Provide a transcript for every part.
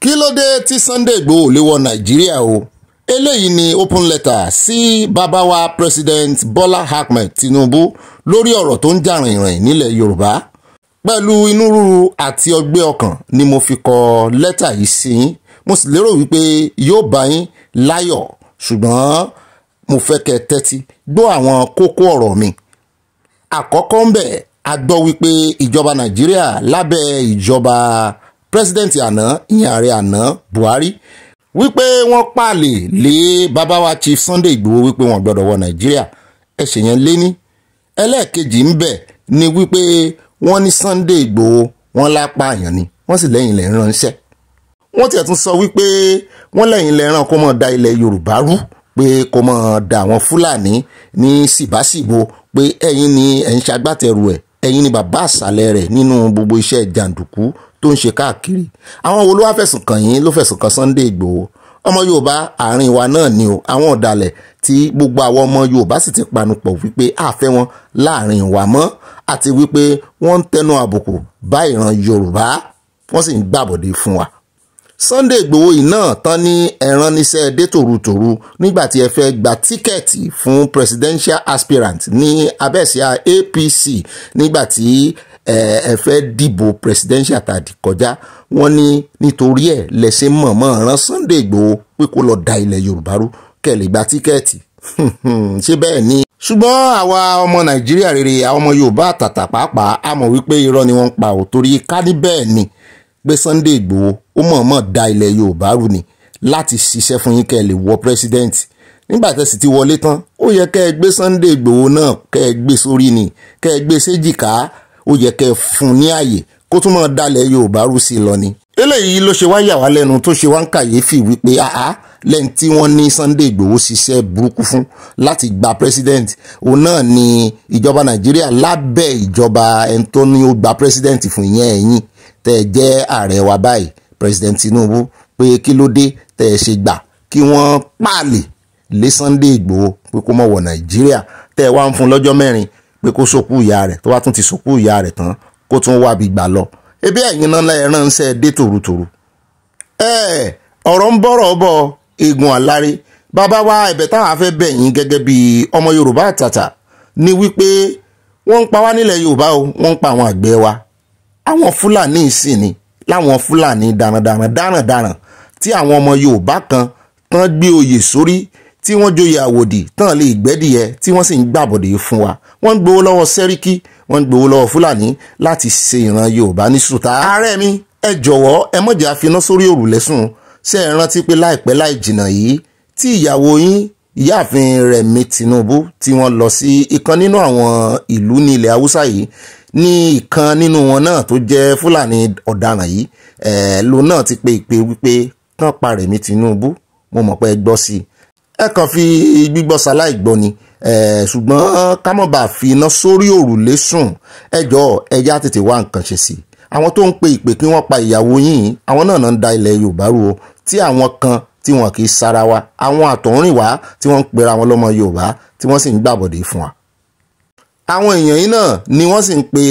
kí ló dé tí Sunday Igboho lè wọ Nàìjíríà o eléyìí ni open letter sí si babawa President Bola Ahmed Tinubu lórí ọ̀rọ̀ tó ń jà rìnrìn nílẹ̀ Yorùbá pẹ̀lú inú àti ọgbẹ́ ọkàn ni mo fi kọ lẹ́tà yìí sí yín mo sì lérò wípé yóò bá yín láyọ̀ ṣùgbọ́n mo fẹ́ kẹ́ tẹ́tí gbọ́ àwọn kókó ọ̀rọ̀ mi àkọ́kọ́ ń bẹ̀ a gbọ́ wípé ìjọba Nàìjíríà lábẹ́ ìjọba. President àná ìyẹn ààrẹ àná Buhari wípé wọ́n pààlè lé bàbá Chief Sunday Ìgbòho wípé wọ́n gbọ́dọ̀ wọ Nàìjíríà ẹ̀ṣẹ̀ yẹn lé ní ẹlẹ́ẹ̀kejì ń bẹ̀ ni wípé wọ́n ní Sunday Ìgbòho wọ́n lápá àyàn ni wọ́n sì lẹ́yìn lẹ́ ránṣẹ́ wọ́n tiẹ̀ tún sọ wípé wọ́n lẹ́yìn lẹ́ ràn kó mọ̀ da ilẹ̀ Yorùbá rú pé kó mọ̀ da àwọn Fúlàní ní síbáṣìbo pé ẹ̀yin ni ẹ̀ ń ṣagbátẹrù ẹ̀ ni bàbá àṣàlẹ̀ rẹ̀ nínú gbogbo iṣẹ́ jàǹdùkú tó ń ṣe káàkiri àwọn wo ló wá fẹ̀sùn kàn yín ló fẹ̀sùn kàn Sunday Ìgbòho ọmọ Yorùbá àárín wa náà ni o àwọn ọ̀dàlẹ̀ tí gbogbo àwọn ọmọ Yorùbá sì ti panupọ̀ wípé a fẹ́ wọn láàrin wa mọ́ àti wípé wọ́n ń tẹnu àbùkù bá ìran Yorùbá wọ́n sì ń gbàbọ̀dé fún wa. Sunday Igboho yìí náà tán ní ẹ̀ràn níṣẹ́ dé tòrutòru nígbà tí ẹ fẹ́ gba tíkẹ́ẹ̀tì fún presidential aspirant ní abẹ́síà APC nígbà tí ẹ fẹ́ dìbò presidential tàdí kọjá wọ́n ní nítorí ẹ̀ lẹ́sẹ̀ mọ̀ọ́mọ́ rán Sunday Igboho pé kó lọ da ilẹ̀ Yorùbá rú kẹ́ lè gba tíkẹ́ẹ̀tì ṣé bẹ́ẹ̀ ni ṣùgbọ́n àwa ọmọ nàìjíríà rere àwọn ọmọ yorùbá àtàtà pàápàá a mọ̀ wípé irọ́ ni wọ́n ń pa ò torí ká ní bẹ́ẹ̀ ni pé Sunday Ìgbòho ó mọ̀ọ́mọ̀ da ilẹ̀ Yorùbá rú ni láti ṣiṣẹ́ fún yín kẹ́ ẹ lè wọ president nígbà tẹ́sí ti wọlé tán ó yẹ kẹ́ ẹ gbé Sunday Ìgbòho náà kẹ́ ẹ gbé sórí ni kẹ́ ẹ gbé séjìká ó yẹ kẹ́ ẹ fún ní àyè kó tún mọ̀ dalẹ̀ Yorùbá rú sí i lọ ni. eléyìí ló ṣe wá yà wá lẹ́nu tó ṣe wá ń kàyéfì wípé àá lẹ́yìn tí wọ́n ní Sunday Ìgbòho ṣiṣẹ́ burúkú fún láti gba president òun náà ni ìjọba Nàìjíríà lábẹ́ ìjọba ẹni tó ní ó gba president fún ìyẹn ẹ̀yìn tẹ́ ẹ jẹ́ ààrẹ wa báyìí president Tinubu pé kí ló dé tẹ́ ẹ ṣe gbà kí wọ́n pààlè lé Sunday Ìgbòho pé kó mọ̀ wọ̀ Nàìjíríà tẹ́ ẹ wá ń fún lọ́jọ́ mẹ́rin pé kó sòkú ìyá rẹ̀ tó wá tún ti sòkú ìyá rẹ̀ tán kó tún wá bí gbà lọ ebi ẹ̀yin náà lẹ́ẹ̀ ránṣẹ́ dé tòrótòró ẹ̀ ọ̀rọ̀ ń bọ̀rọ̀ bọ̀ egun àlárí bàbá wa ẹ̀bẹ̀ táwọn afẹ́ bẹ̀ yín gẹ́gẹ́ bí ọmọ Yorùbá àtàtà ni wípé wọ́n ń pa wá nílẹ̀ Yorùbá o wọ́n ń pa àwọn àgbẹ̀ wa àwọn fúlàní sì ni láwọn fúlàní darandaran darandaran tí àwọn ọmọ yorùbá kan tán gbé oyè sórí tí wọ́n joyè àwòdì tán lè gbẹ́dìyẹ tí wọ́n sì ń gbàbọ̀dé fún wa wọ́n ń gbowó lọ́wọ́ sẹ́ríkì wọ́n ń gbowó lọ́wọ́ fúlàní láti ṣe ìran yorùbá ní sùtá. ààrẹ mi ẹ jọ̀wọ́ ẹ mọ̀jẹ̀ àfiná sórí òrùlé sùn ṣe é rántí pé láìpẹ́ láì jìnnà yìí tí ìyàwó yín ìyáàfin Rẹ̀mí Tinubu tí wọ́n lọ sí ìkan nínú àwọn ìlú ní ilẹ̀ haúsá yìí ní ìkan nínú wọn náà tó jẹ́ fúlàní ọ̀daràn yìí lòun náà ti pe ìpè wípé kán pa Rẹ̀mí Tinubu mo mọ̀ pé ẹ gbọ́ sí i ẹ kàn fi gbígbọ́ sáláì gbọ́ ni ṣùgbọ́n ká má bàa fi iná sórí òrùlé sùn ẹ jọ̀ọ́ ẹ já tètè wá nǹkan ṣe sí i àwọn tó ń pe ìpè kí wọ́n pa ìyàwó yìí àwọn náà náà ń da ilẹ̀ Yorùbá rú o tí àwọn kan tí wọn kì í sara wa àwọn àtọ̀húnrìnwá tí wọ́n ń pera wọn lọ́mọ Yorùbá tí wọ́n sì ń gbàbọ̀dé fún wa àwọn èèyàn yìí náà ni wọ́n sì ń pe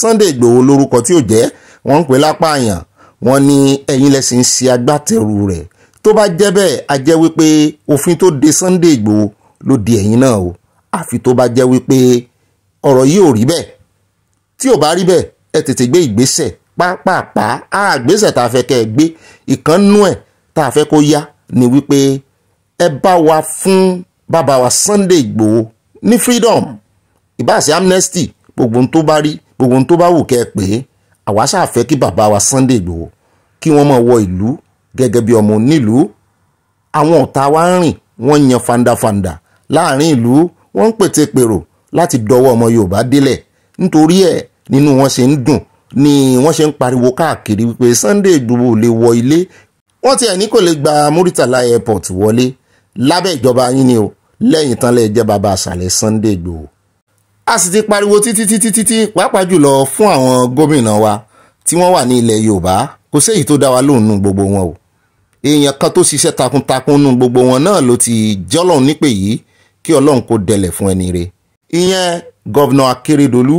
Sunday Ìgbòho lórúkọ tí ò jẹ́ wọ́n ń pè lápá àyàn wọ́n ní ẹ̀yin lẹ́sìn ṣe agbátẹrù rẹ̀ tó bá jẹ́ bẹ́ẹ̀ a jẹ́ wípé òfin tó de Sunday Ìgbòho ló di ẹ̀yin náà o àfi tó bá jẹ́ wípé ọ̀rọ̀ yìí ò rí bẹ́ẹ̀ tí ò bá rí bẹ́ẹ̀ ẹ tètè gbé ìgbésẹ̀ pápápá àgbésẹ̀ tá a fẹ́ kẹ́ ẹ gbé ìkànnú ẹ̀ tá a fẹ́ kó yá ni wípé ẹ bá wa fún bàbá wa Sunday Ìgbòho ní freedom. Mm -hmm ìbáàsí amnesty gbogbo ohun tó bá rí gbogbo ohun tó bá wù kẹ́ ẹ pé àwa ṣàfẹ́ kí bàbá wa Sunday Ìgbòho kí wọ́n máa wọ ìlú gẹ́gẹ́ bí ọmọ onílùú àwọn ọ̀tá wa ń rìn wọ́n yan fandafanda láàrin ìlú wọ́n ń pète pèrò láti dọwọ́ ọmọ Yorùbá délẹ̀ nítorí ẹ̀ nínú wọn ṣe ń dùn ni wọ́n ṣe ń pariwo káàkiri wípé Sunday Ìgbòho lè wọ ilé wọ́n ti ẹ̀ ní kò lè gba Muritala Airport wọlé lábẹ́ ìjọba yín ni o lẹ́yìn tán lè bàbá àṣàlẹ̀ Sunday Ìgbòho a sì ti pariwo títí títí títí pàápàá jùlọ fún àwọn gómìnà wa tí wọ́n wà ní ilẹ̀ yorùbá kò séyìí tó dá wa lóhùn nù gbogbo wọn o èèyàn kan tó ṣiṣẹ́ takuntakun nù gbogbo wọn náà ló ti jọ́lọ́run nípè yìí kí ọlọ́run kó dẹlẹ̀ fún ẹni re ìyẹn gọ́vnà akérèdọ́lù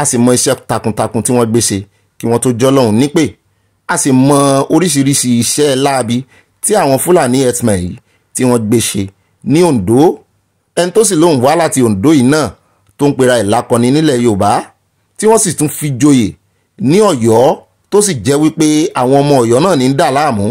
a sì mọ iṣẹ́ takuntakun tí wọ́n gbé ṣe kí wọ́n tó jọ́lọ́run nípè a sì mọ oríṣiríṣi iṣẹ́ láabi tí àwọn fúlàní herdsmen yìí tí wọ́n gbé ṣe ní ondo ẹni tó sì lóun wá láti ondo yìí náà tó ń pera ẹ̀ lákọni nílẹ̀ yorùbá tí wọ́n sì tún fi joyè ní ọ̀yọ́ tó sì jẹ́ wípé àwọn ọmọ ọ̀yọ́ náà ní dà láàmú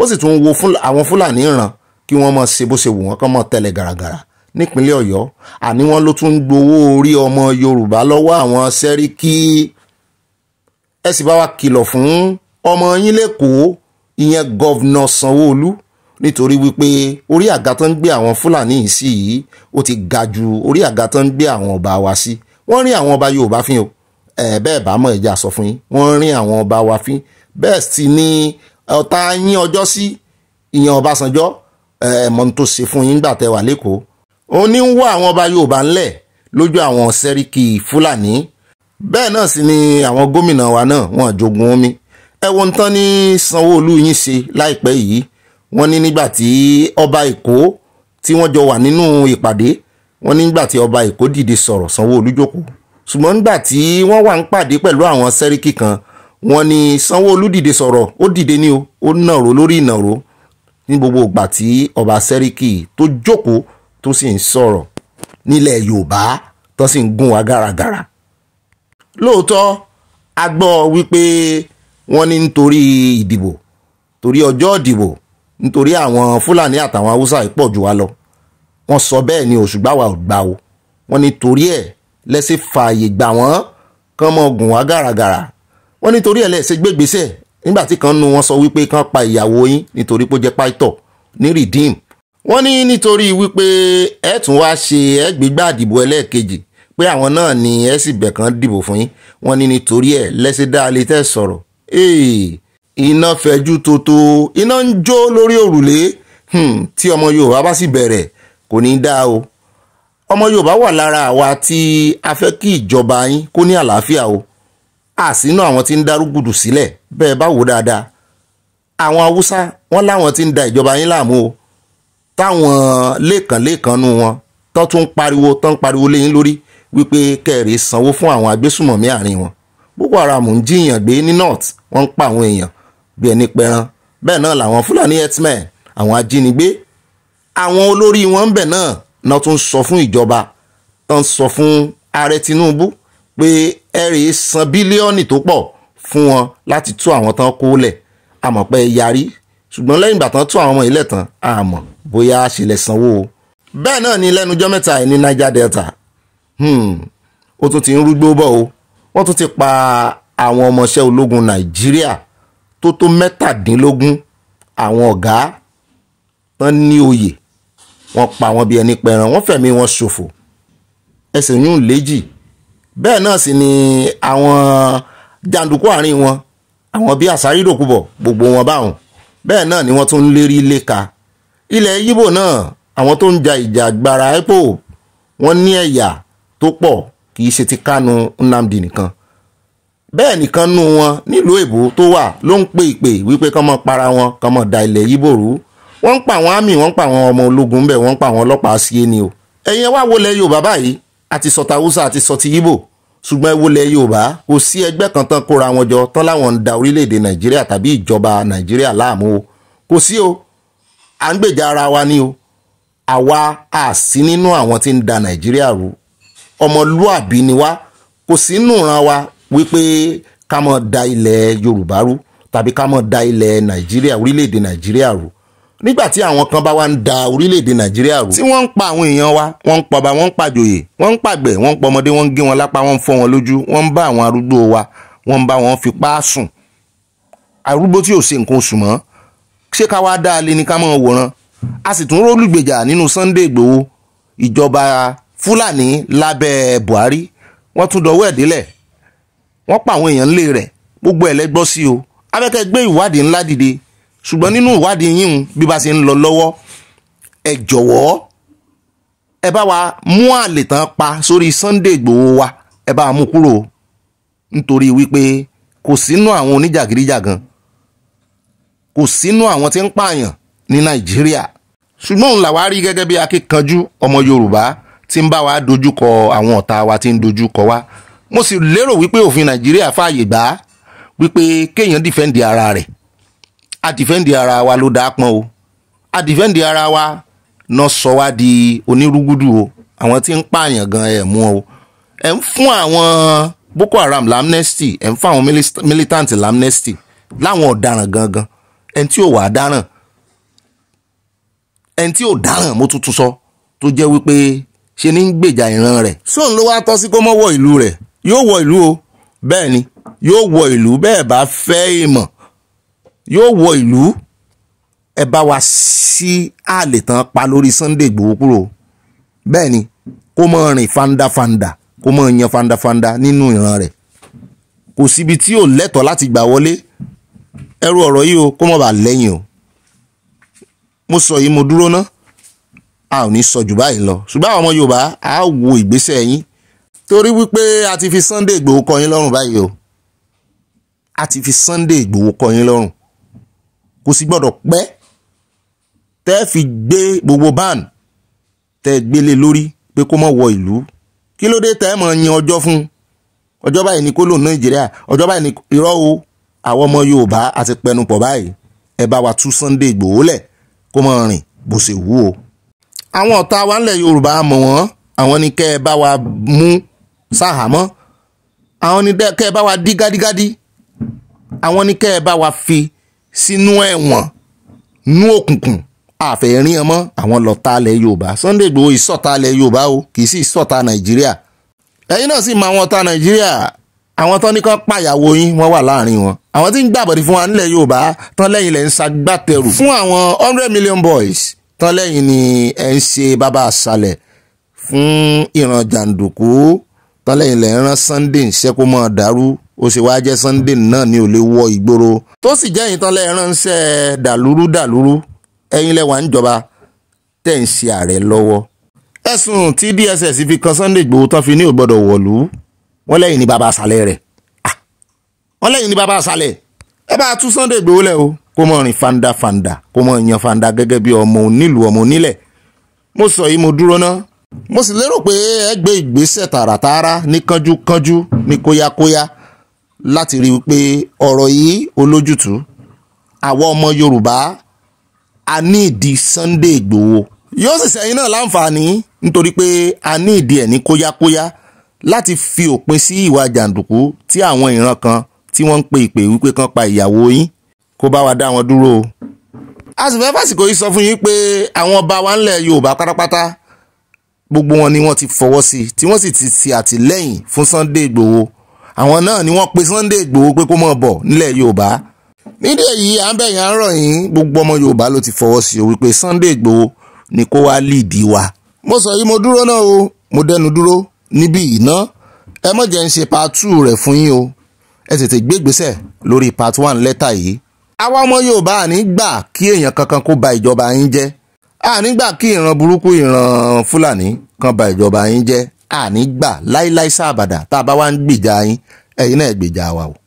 ó sì tún wo àwọn fúlàní ìran kí wọ́n mọ̀ ṣe bó ṣe wù wọ́n kán mọ̀ tẹ̀lẹ̀ gàràgàrà nípínlẹ̀ ọ̀yọ́ àní wọ́n ló tún gbowó orí ọmọ yorùbá lọ́wọ́ àwọn sẹ́ríkì ẹ sì bá wa kìlọ̀ fún ọmọ yín lẹ́kọ̀ọ́ ìyẹn gọ́vnà sanwó-olú nítorí wípé orí àga tó ń gbé àwọn fúlàní yìí sí yìí ó ti ga ju orí àga tó ń gbé àwọn ọba wa sí wọ́n rí àwọn ọba yorùbá fín o ẹ̀ bẹ́ẹ̀ bá mọ̀ ẹ̀já sọ fún yín wọ́n rí àwọn ọba wa fín bẹ́ẹ̀ sì ni ọ̀tá yín ọjọ́ sí ìyẹn ọbásanjọ́ ẹ̀ mọ̀ tó ṣe fún yín gbà tẹ́ wà lẹ́kọ̀ọ́ ó ní ń wá àwọn ọba yorùbá ńlẹ̀ lójú àwọn sẹ́ríkì fúlàní bẹ́ẹ̀ náà sì ni àwọn gómìnà wa náà wọ́n jogun omi ẹ wo ń yín ṣe láìpẹ́ yìí wọ́n ní nígbà tí ọba èkó tí wọ́n jọ wà nínú ìpàdé wọ́n ní nígbà tí ọba èkó dìde sọ̀rọ̀ sanwó-olu jókòó ṣùgbọ́n nígbà tí wọ́n wà ń pàdé pẹ̀lú àwọn sẹ́ríkì kan wọ́n ní sanwó-olu sọ̀rọ̀ ó dìde ní o ó nàró lórí ìnàró ní gbogbo ìgbà tí ọba sẹ́ríkì tó jókòó tó sì ń sọ̀rọ̀ nílẹ̀ yorùbá tó sì ń gún wa gàràgàrà lóòótọ́ a gbọ́ wípé wọ́n ní nítorí ìdìbò torí ọjọ́ ìdìbò nítorí àwọn fúlàní àtàwọn haúsá yìí pọ̀ jù wá lọ wọ́n sọ bẹ́ẹ̀ ni òṣùgbà wa ò gbà o wọ́n ní torí ẹ̀ lẹ́sẹ̀ fààyè gbà wọ́n kán mọ gùn wá gàràgàrà wọ́n ní torí ẹ̀ lẹ́sẹ̀ gbégbèsè nígbà tí kan nu wọn sọ wípé kán pa ìyàwó yín nítorí pé ó jẹ́ pàìtọ̀ ní redeem wọ́n ní nítorí wípé ẹ tún wá ṣe ẹ gbígbà àdìbò ẹlẹ́ẹ̀kejì pé àwọn náà ni ẹ sì bẹ̀ kán dìbò fún yín wọ́n ní nítorí ẹ̀ lẹ́sẹ̀ dá alẹ́ tẹ́ sọ̀rọ̀ ee iná fẹjú tótó iná ń jó lórí òrùlé hmm, tí ọmọ yorùbá bá sì bẹ̀rẹ̀ kò ní í dá o ọmọ yorùbá wà lára àwa tí a fẹ́ kí ìjọba yín kó ní àlàáfíà o àsínú àwọn tí ń darúgudù sílẹ̀ bẹ́ẹ̀ bá wò dáadáa àwọn haúsá wọn láwọn tí ń da ìjọba yín láàmú o táwọn lẹ́ẹ̀kanlẹ́ẹ̀kanú wọn tó tún pariwo tó ń pariwo lẹ́yìn lórí wípé kẹ́ẹ̀rì sanwó fún àwọn agbésùmọ̀mí àárín wọn boko haram ń jiyàn gbé ní north wọ́n ń pa àwọn èèyàn bí ẹni pẹran bẹ́ẹ̀ náà làwọn fúlàní herdsmen àwọn ajínigbé àwọn olórí wọn ń bẹ̀ náà náà tún sọ fún ìjọba tán sọ fún ààrẹ Tinubu pé ẹ̀rì san bílíọ̀nù tó pọ̀ fún wọn láti tú àwọn tán kó lẹ̀ àmọ́ pé yarí ṣùgbọ́n lẹ́yìn ìgbà tán tú àwọn ọmọ ilẹ̀ tán àmọ́ bóyá ṣẹlẹ̀ sanwó o bẹ́ẹ̀ náà ni lẹ́nujọ́ mẹ́ta ẹ̀ ní Niger Delta hmm, ó tún ti ń rúgbó bọ̀ o wọ́n tún ti pa àwọn ọmọọṣẹ́ ológun Nàìjíríà tó tó mẹ́tàdínlógún àwọn ọ̀gá tán ní oyè wọ́n pa wọ́n bí ẹni pẹran wọ́n fẹ̀mí wọn ṣòfò ẹsẹ̀ yún léjì bẹ́ẹ̀ náà sì ni àwọn jàǹdùkú àárín wọn àwọn bíi àsárídòkúbọ̀ gbogbo wọn báwọn bẹ́ẹ̀ náà ni wọ́n tún ń lérí léka ilẹ̀ yíbò náà àwọn tó ń ja ìjà agbára epo wọ́n ní ẹ̀yà tó pọ̀ kì í ṣe ti Kánú Nnamdi nìkan bẹ́ẹ̀ nìkan nú wọn nílùú èbó tó wà ló ń pè ìpè wípé kọ́mọ para wọn kọ́mọ da ilẹ̀ yìí bòrú wọ́n ń pa àwọn àmì wọ́n ń pa àwọn ọmọ ológun bẹ́ẹ̀ wọ́n ń pa àwọn ọlọ́pàá sí ẹni o ẹ̀yin wá wọlé Yorùbá báyìí àti sọ̀tà Hausa àti sọ̀tì Ìgbò ṣùgbọ́n ẹ wọlé Yorùbá kò sí ẹgbẹ́ kan tán kóra wọn jọ tán láwọn ń da orílẹ̀-èdè Nàìjíríà tàbí ìjọba Nàìjíríà o kò sí o à ń gbèjà ara wa ni o wa wípé ká mọ̀ da ilẹ̀ Yorùbá rú tàbí ká mọ̀ da ilẹ̀ Nàìjíríà orílẹ̀-èdè Nàìjíríà rú nígbà tí àwọn kan bá wá ń da orílẹ̀-èdè nàìjíríà rú. tí wọ́n ń pa àwọn èèyàn wa wọ́n ń pọba wọ́n ń pàjòyè wọ́n ń pàgbẹ̀ wọ́n ń pọmọdé wọ́n ń gé wọn lápá wọ́n ń fọ́ wọn lójú wọ́n ń bá àwọn arúgbó wa wọ́n ń bá wọn fipá sùn. arúgbó tí ò ṣe nǹkan oṣù mọ́ ṣé ká wáá dá a lé ní ká mọ́ wòran. a sì tún rólùgbèjà nínú Sunday Ìgbòho ìjọba Fúlàní lábẹ́ Buhari wọ́n tún dọwọ́ ẹ̀dílẹ̀ wọ́n pa àwọn èèyàn ńlé rẹ̀ gbogbo ẹ̀ lẹ́gbọ́ sí o abẹ́kẹ́ gbé ìwádìí ńlá dìde ṣùgbọ́n nínú ìwádìí yín bí bá ṣe ń lọ lọ́wọ́ ẹ jọ̀wọ́ ẹ bá wa mú àlè tán pa sórí Sunday Ìgbòho wa ẹ bá mú kúrò nítorí wípé kò sínú àwọn oníjàgídíjàgan kò sínú àwọn tí ń pààyàn ní Nàìjíríà ṣùgbọ́n òun làwa rí gẹ́gẹ́ bí akíkanjú ọmọ Yorùbá tí ń bá wa dojúkọ àwọn ọ̀tá wa tí ń dojúkọ wa mo sì lérò wípé òfin nàìjíríà fààyè gbà á wípé kéèyàn dìfẹ́ǹdì ara rẹ̀ a dìfẹ́ǹdì ara wa ló dáa pọ́n o a dìfẹ́ǹdì ara wa náà sọ wá di onírúgúdù o àwọn tí ń pààyàn gan ẹ̀ mú o ẹ̀ ń fún àwọn boko haram lamnesty ẹ̀ ń fún àwọn militant lamnesty láwọn ọ̀daràn gangan ẹni tí ò wà dáràn ẹni tí ò dáràn mo tuntun sọ tó jẹ́ wípé ṣe ní gbèjà ìran rẹ̀ sóun ló wá tọ́ sí kó mọ́wọ́ ìlú rẹ̀ yóò wọ ìlú o bẹ́ẹ̀ ni yóò wọ ìlú bẹ́ẹ̀ bá fẹ́ ìmọ̀ yóò wọ ìlú ẹ bá wa sí àlè tán pa lórí Sunday Igboho kúrò bẹ́ẹ̀ ni kó mọ rìn fandafanda kó mọ yan fandafanda nínú ìran rẹ̀ kò síbi tí ò lẹ́tọ̀ọ́ láti gbà wọlé ẹrú ọ̀rọ̀ yìí o kó mọ̀ bá lẹ́yìn o mo sọ yìí mo dúró ná a ò ní sọ jù báyìí lọ ṣùgbọ́n àwọn ọmọ Yorùbá á wo ìgbésẹ̀ yín torí wípé a ti fi Sunday Ìgbòho kọ yín lọ́rùn báyìí o a ti fi Sunday Ìgbòho kọ yín lọ́rùn kò sì gbọ́dọ̀ pẹ́ tẹ́ fi gbé gbogbo ban tẹ́ gbélé lórí pé kó má wọ ìlú kí ló dé tẹ́ mọ̀ yin ọjọ́ fún ọjọ́ báyìí ni kó lò Nàìjíríà ọjọ́ báyìí ni irọ́ o àwọn ọmọ Yorùbá àti pẹnupọ̀ báyìí ẹ bá wa tú Sunday Ìgbòho lẹ̀ kó mọ̀ rìn bó ṣe wù o. àwọn ọ̀tá wa ńlẹ̀ Yorùbá mọ̀ wọ́n àwọn ni kẹ́ ẹ bá wa mú ṣàhámọ́ àwọn ni kẹ́ ẹ bá wa dí gádígádí àwọn ni kẹ́ ẹ bá wa fi sínú ẹ̀wọ̀n nú òkùnkùn àfẹ̀rín ọmọ àwọn lọ́tà alẹ̀ Yorùbá Sunday Igboho ìsọ̀tà alẹ̀ Yorùbá o kì í sì ìsọ̀tà Nàìjíríà ẹ̀yin náà sì mọ àwọn ọ̀tá Nàìjíríà àwọn tán ní kán pàyàwó yín wọ́n wà láàrin wọn àwọn tí ń gbàbọ̀dì fún wa nílẹ̀ Yorùbá tán lẹ́yìn lẹ́ ń ṣagbátẹrù fún àwọn hundred million boys tán lẹ́yìn ni ẹ̀ ń ṣe bàbá àṣàlẹ̀ fún ìran jàǹdùkú tọ́lẹ̀ ilẹ̀ ń rán Sunday ń ṣẹ́ kó máa dàrú ó ṣe wáá jẹ́ Sunday náà ni ò lè wọ ìgboro tó sì jẹ́ ìyìn tọ́lẹ̀ ránṣẹ́ dàlúrú dàlúrú ẹ̀yin lẹ́wà ń jọba tẹ̀ ń ṣe ààrẹ lọ́wọ́ ẹ̀sùn tí DSS fi kan Sunday Igboho tán fi ní ògbọ́dọ̀ wọ̀lú wọ́n lẹ́yìn ní baba àṣàlẹ̀ rẹ̀ ah, wọ́n lẹ́yìn ní baba àṣàlẹ̀ ẹ bá tú Sunday Igboho lẹ̀ o kó mọ̀ rìn fanda fanda kó mọ̀ yan fanda gẹ́gẹ́ bí ọmọ onílùú ọmọ onílẹ̀ mo sọ yìí mo dúró náà mo sì lérò pé ẹ gbé ìgbésẹ̀ tààràtààrà ní kánjúkánjú ní kóyákóyá láti rí i pé ọ̀rọ̀ yìí olójútùú àwa ọmọ Yorùbá a ní ìdí Sunday Ìgbòho yóò sì sẹ́yìn náà láǹfààní nítorí pé a ní ìdí ẹ̀ ní kóyákóyá láti fi òpin sí ìwà jàǹdùkú tí àwọn ìran kan tí wọ́n ń pe ìpè wípé kan pa ìyàwó yín kó bá wa dá wọn dúró o. a sì fẹ́ fàsìkò yìí sọ fún yín pé àwọn ọba wa ńlẹ̀ Yorùbá pátápátá gbogbo wọn ni wọ́n ti fọwọ́ sí i tí wọ́n sì ti ṣe àtìlẹ́yìn fún Sunday Igboho àwọn náà ni wọ́n pe Sunday Igboho pé kó mọ̀ bọ̀ nílẹ̀ Yorùbá nídìí èyí à ń bẹ̀yìn à ń rọ̀ yín gbogbo ọmọ Yorùbá ló ti fọwọ́ sí o wípé Sunday Igboho ni kó wá líìdì wa. mo sọ yìí mo dúró náà o mo dẹnu dúró níbí yìí ẹ mọ̀ jẹ́ ń ṣe part two rẹ̀ fún yín o ẹ tètè gbé ìgbésẹ̀ lórí part one lẹ́tà yìí. àwa ọmọ Yorùbá àní gbà kí èèyàn kankan kó ba ìjọba yín jẹ́ àní gbà kí ìran burúkú ìran fúlàní kan ba ìjọba yín jẹ́ àní gbà láíláí sáàbàdà tá a bá wá ń gbìjà yín ẹ̀yin náà gbìjà wa o.